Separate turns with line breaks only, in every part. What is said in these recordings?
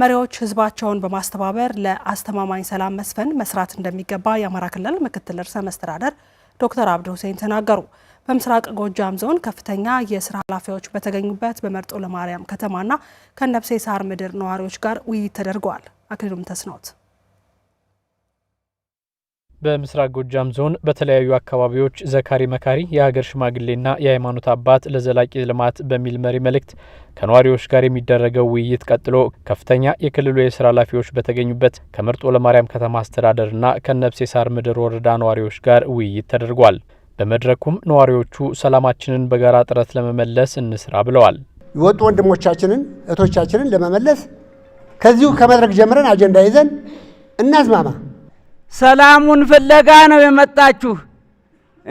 መሪዎች ህዝባቸውን በማስተባበር ለአስተማማኝ ሰላም መስፈን መስራት እንደሚገባ የአማራ ክልል ምክትል ርዕሰ መስተዳደር ዶክተር አብዱ ሁሴን ተናገሩ። በምስራቅ ጎጃም ዞን ከፍተኛ የስራ ኃላፊዎች በተገኙበት በመርጦ ለማርያም ከተማና ከነብሴ ሳር ምድር ነዋሪዎች ጋር ውይይት ተደርገዋል። አክሊሉም ተስኖት በምስራቅ ጎጃም ዞን በተለያዩ አካባቢዎች ዘካሪ መካሪ የሀገር ሽማግሌና የሃይማኖት አባት ለዘላቂ ልማት በሚል መሪ መልእክት ከነዋሪዎች ጋር የሚደረገው ውይይት ቀጥሎ ከፍተኛ የክልሉ የስራ ኃላፊዎች በተገኙበት ከመርጦ ለማርያም ከተማ አስተዳደርና ከነብሴ ሳር ምድር ወረዳ ነዋሪዎች ጋር ውይይት ተደርጓል። በመድረኩም ነዋሪዎቹ ሰላማችንን በጋራ ጥረት ለመመለስ እንስራ ብለዋል።
የወጡ ወንድሞቻችንን እህቶቻችንን ለመመለስ ከዚሁ ከመድረክ ጀምረን አጀንዳ ይዘን እናዝማማ
ሰላሙን ፍለጋ ነው የመጣችሁ።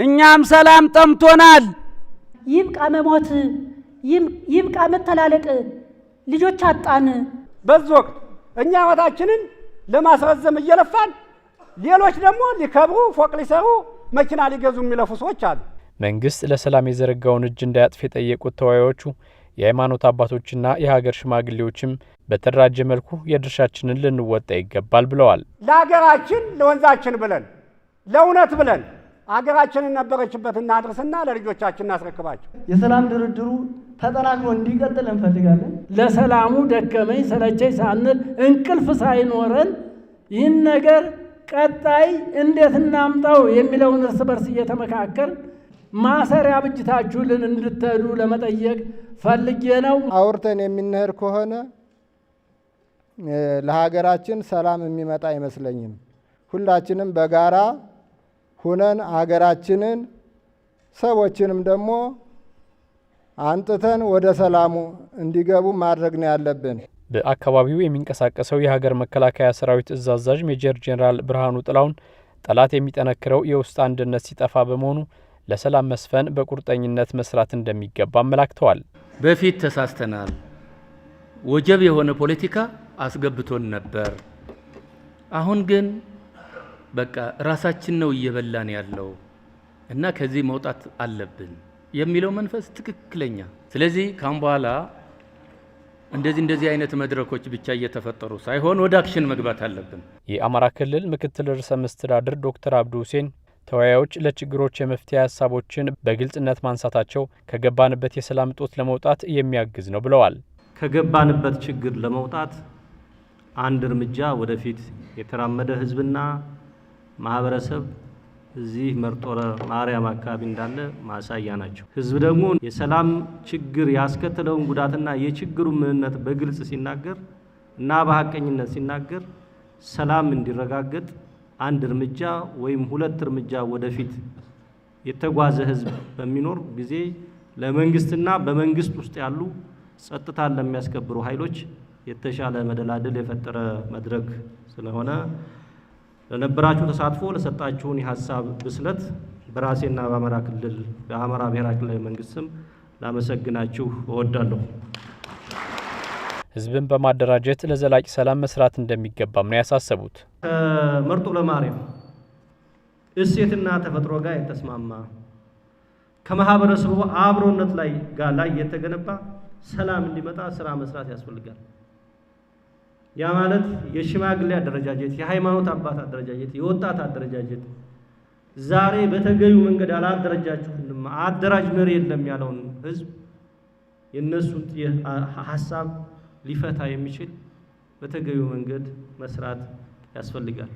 እኛም ሰላም ጠምቶናል።
ይብቃ መሞት፣ ይብቃ መተላለቅ። ልጆች አጣን።
በዚህ ወቅት እኛ ሕይወታችንን ለማስረዘም እየለፋን፣ ሌሎች ደግሞ ሊከብሩ ፎቅ ሊሰሩ መኪና ሊገዙ የሚለፉ ሰዎች አሉ።
መንግስት ለሰላም የዘረጋውን እጅ እንዳያጥፍ የጠየቁት ተወያዮቹ የሃይማኖት አባቶችና የሀገር ሽማግሌዎችም በተደራጀ መልኩ የድርሻችንን ልንወጣ ይገባል ብለዋል።
ለሀገራችን ለወንዛችን ብለን ለእውነት ብለን ሀገራችንን ነበረችበት እናድርስና ለልጆቻችን እናስረክባቸው።
የሰላም ድርድሩ ተጠናክሮ እንዲቀጥል እንፈልጋለን።
ለሰላሙ ደከመኝ ሰለቸኝ ሳንል እንቅልፍ ሳይኖረን ይህን ነገር ቀጣይ እንዴት እናምጣው የሚለውን እርስ በርስ እየተመካከል ማሰሪያ ብጅታችሁልን እንድትሄዱ ለመጠየቅ ፈልጌ ነው።
አውርተን የምንሄድ ከሆነ ለሀገራችን ሰላም የሚመጣ አይመስለኝም። ሁላችንም በጋራ ሁነን ሀገራችንን ሰዎችንም ደግሞ አንጥተን ወደ ሰላሙ እንዲገቡ ማድረግ ነው ያለብን።
በአካባቢው የሚንቀሳቀሰው የሀገር መከላከያ ሰራዊት እዝ አዛዥ ሜጀር ጄኔራል ብርሃኑ ጥላውን ጠላት የሚጠነክረው የውስጥ አንድነት ሲጠፋ በመሆኑ ለሰላም መስፈን በቁርጠኝነት መስራት እንደሚገባ አመላክተዋል።
በፊት ተሳስተናል። ወጀብ የሆነ ፖለቲካ አስገብቶን ነበር። አሁን ግን በቃ ራሳችን ነው እየበላን ያለው እና ከዚህ መውጣት አለብን የሚለው መንፈስ ትክክለኛ። ስለዚህ ካሁን በኋላ እንደዚህ እንደዚህ አይነት መድረኮች ብቻ እየተፈጠሩ ሳይሆን ወደ አክሽን መግባት አለብን።
የአማራ ክልል ምክትል ርዕሰ መስተዳድር ዶክተር አብዱ ሁሴን ተወያዮች ለችግሮች የመፍትሄ ሀሳቦችን በግልጽነት ማንሳታቸው ከገባንበት የሰላም እጦት ለመውጣት የሚያግዝ ነው ብለዋል።
ከገባንበት ችግር ለመውጣት አንድ እርምጃ ወደፊት የተራመደ ህዝብና ማህበረሰብ እዚህ መርጦረ ማርያም አካባቢ እንዳለ ማሳያ ናቸው። ህዝብ ደግሞ የሰላም ችግር ያስከተለውን ጉዳትና የችግሩ ምንነት በግልጽ ሲናገር እና በሀቀኝነት ሲናገር ሰላም እንዲረጋገጥ አንድ እርምጃ ወይም ሁለት እርምጃ ወደፊት የተጓዘ ህዝብ በሚኖር ጊዜ ለመንግስትና በመንግስት ውስጥ ያሉ ጸጥታን ለሚያስከብሩ ኃይሎች የተሻለ መደላድል የፈጠረ መድረክ ስለሆነ ለነበራችሁ ተሳትፎ፣ ለሰጣችሁን የሀሳብ ብስለት በራሴና በአማራ ክልል በአማራ ብሔራዊ ክልላዊ መንግስት ስም ላመሰግናችሁ እወዳለሁ።
ህዝብን በማደራጀት ለዘላቂ ሰላም መስራት እንደሚገባም ነው ያሳሰቡት።
ከመርጦ ለማርያም እሴትና ተፈጥሮ ጋር የተስማማ ከማህበረሰቡ አብሮነት ላይ ጋር ላይ የተገነባ ሰላም እንዲመጣ ስራ መስራት ያስፈልጋል። ያ ማለት የሽማግሌ አደረጃጀት፣ የሃይማኖት አባት አደረጃጀት፣ የወጣት አደረጃጀት ዛሬ በተገቢው መንገድ አላደረጃችሁም አደራጅ መሪ የለም ያለውን ህዝብ የእነሱን ሀሳብ ሊፈታ የሚችል በተገቢው መንገድ መስራት ያስፈልጋል።